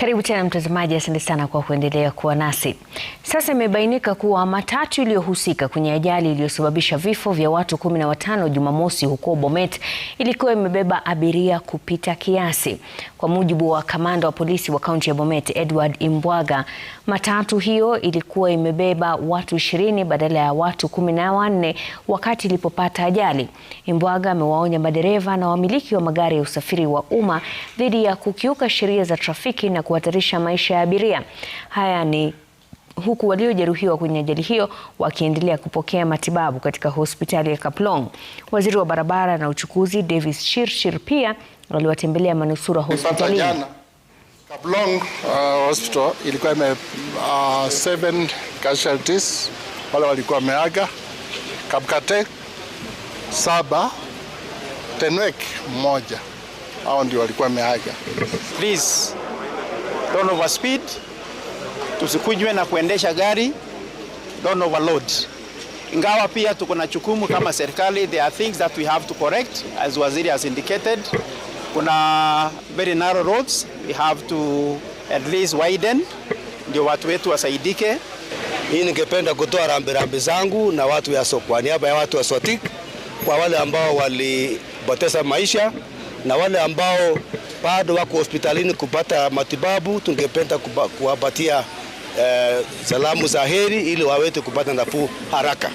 Karibu tena mtazamaji, asante sana kwa kuendelea kuwa nasi. Sasa imebainika kuwa matatu iliyohusika kwenye ajali iliyosababisha vifo vya watu kumi na watano Jumamosi huko Bomet ilikuwa imebeba abiria kupita kiasi. Kwa mujibu wa kamanda wa polisi wa kaunti ya Bomet, Edward Imbwaga, matatu hiyo ilikuwa imebeba watu ishirini badala ya watu kumi na wanne wakati ilipopata ajali. Imbwaga amewaonya madereva na wamiliki wa magari ya usafiri wa umma dhidi ya kukiuka sheria za trafiki na kuhatarisha maisha ya abiria. Haya ni huku waliojeruhiwa kwenye ajali hiyo wakiendelea kupokea matibabu katika hospitali ya Kaplong. Waziri wa barabara na uchukuzi Davis Chirchir pia waliwatembelea manusura hospitalini. Kaplong uh, hospital ilikuwa ime uh, seven casualties wale walikuwa wameaga. Kapkate saba, Tenwek moja, Hao ndio walikuwa wameaga. Please don't over speed, tusikujwe na kuendesha gari, don't overload. Ingawa pia tuko na chukumu kama serikali, there are things that we have to correct as waziri has indicated. Kuna very narrow roads we have to at least widen, ndio watu wetu wasaidike. Mimi ningependa kutoa rambirambi zangu na watu ya Sokwa, niaba ya watu wa Swatik, kwa wale ambao walipoteza maisha na wale ambao bado wako hospitalini kupata matibabu. Tungependa kuwapatia eh, salamu za heri ili waweze kupata nafuu haraka.